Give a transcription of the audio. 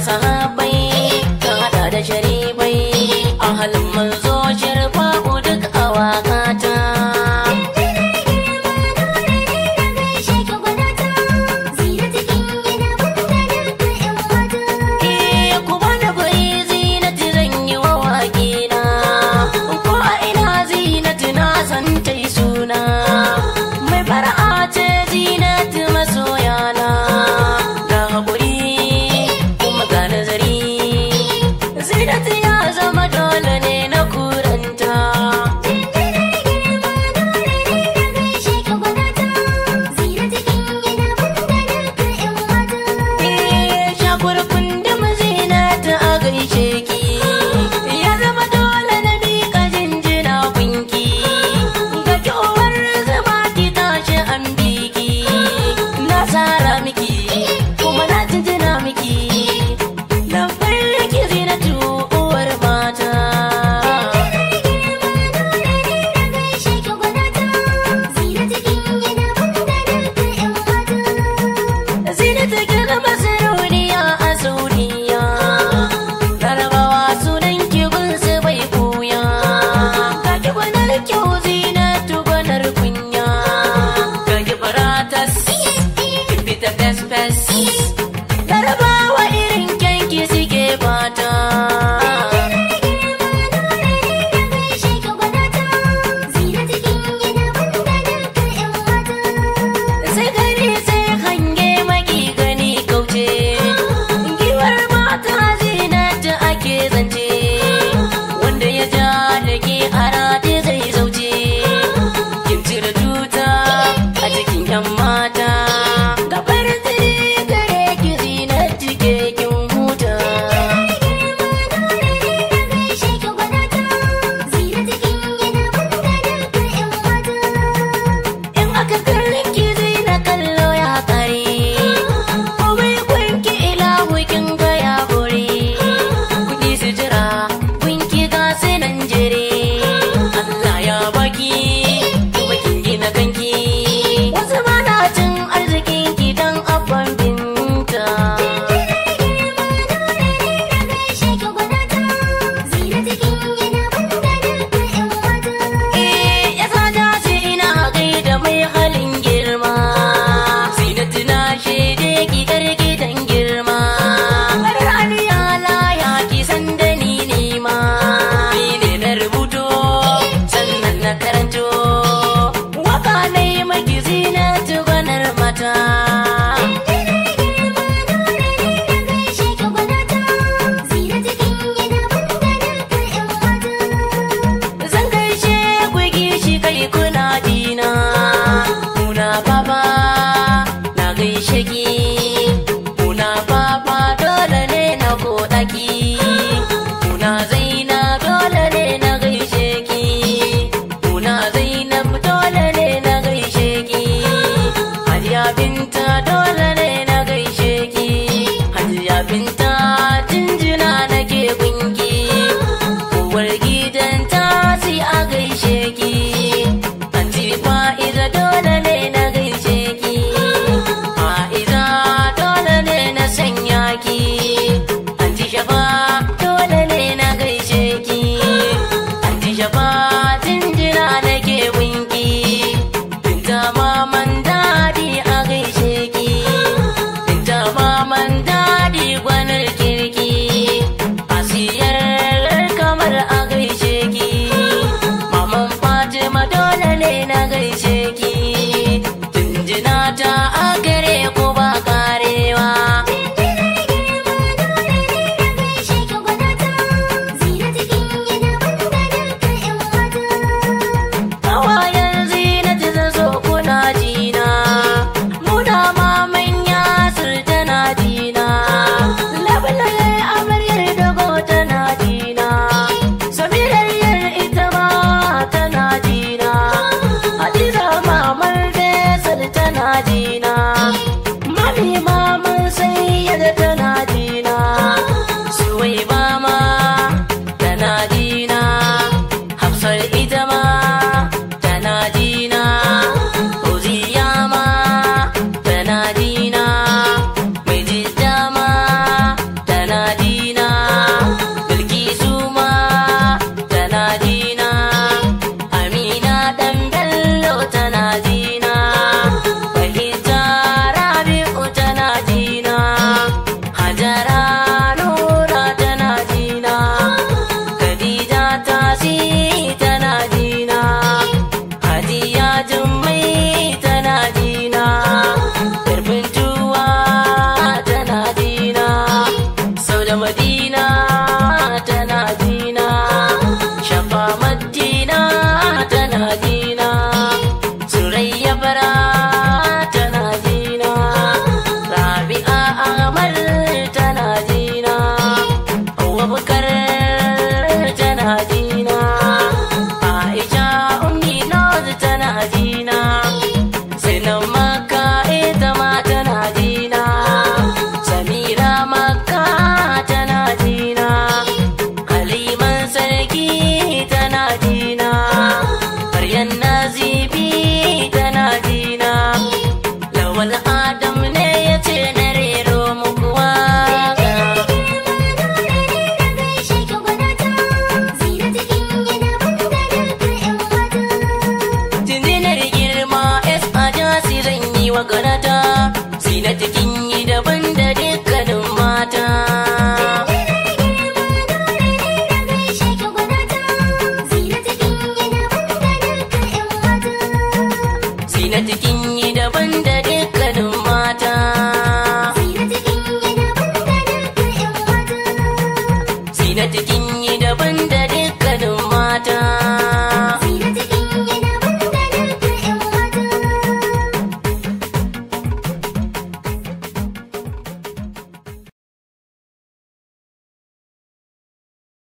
de fes fes larabawa irin kyanki suke fata